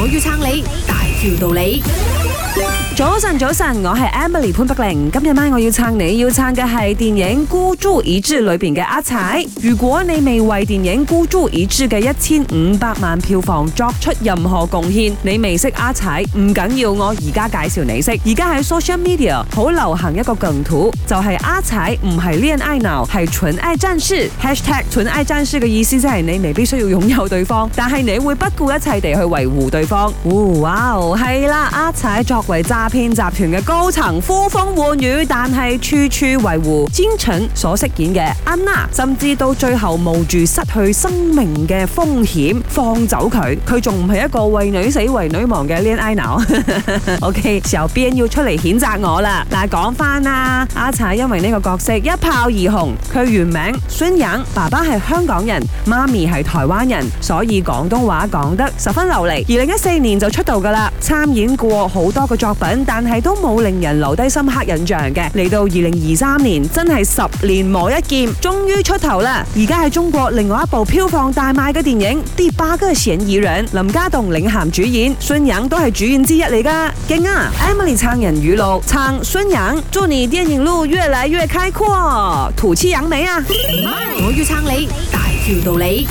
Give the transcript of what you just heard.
我要撐你，大條道理。早晨，早晨，我係 Emily 潘柏玲。今日晚我要撐你，要撐嘅係電影《孤注一擲》裏邊嘅阿才。如果你未為電影《孤注一擲》嘅一千五百萬票房作出任何貢獻，你未識阿才唔緊要，我而家介紹你識。而家喺 social media 好流行一個梗圖就係、是、阿才唔係戀愛腦，係純愛戰士。#hashtag 純愛戰士嘅意思即係你未必需要擁有對方，但係你會不顧一切地去維護對方。哦哇哦，係啦，阿才作為渣片集團嘅高層呼風喚雨，但係處處維護。專蠢所飾演嘅安娜，甚至到最後冒住失去生命嘅風險放走佢。佢仲唔係一個為女死為女亡嘅戀愛腦。OK，時候 B N 要出嚟譴責我啦。嗱，講翻啦，阿柴因為呢個角色一炮而紅。佢原名孫陽，爸爸係香港人，媽咪係台灣人，所以廣東話講得十分流利。二零一四年就出道噶啦，參演過好多個作品。但係都冇令人留低深刻印象嘅，嚟到二零二三年真係十年磨一劍，終於出頭啦！而家喺中國另外一部票房大賣嘅電影《第八個嫌疑人》，林家棟領銜主演，孫陽都係主演之一嚟噶。勁啊！Emily 撐人語錄，撐孫陽，祝你電影路越來越開闊，吐氣揚眉啊！我要撐你，大條道理。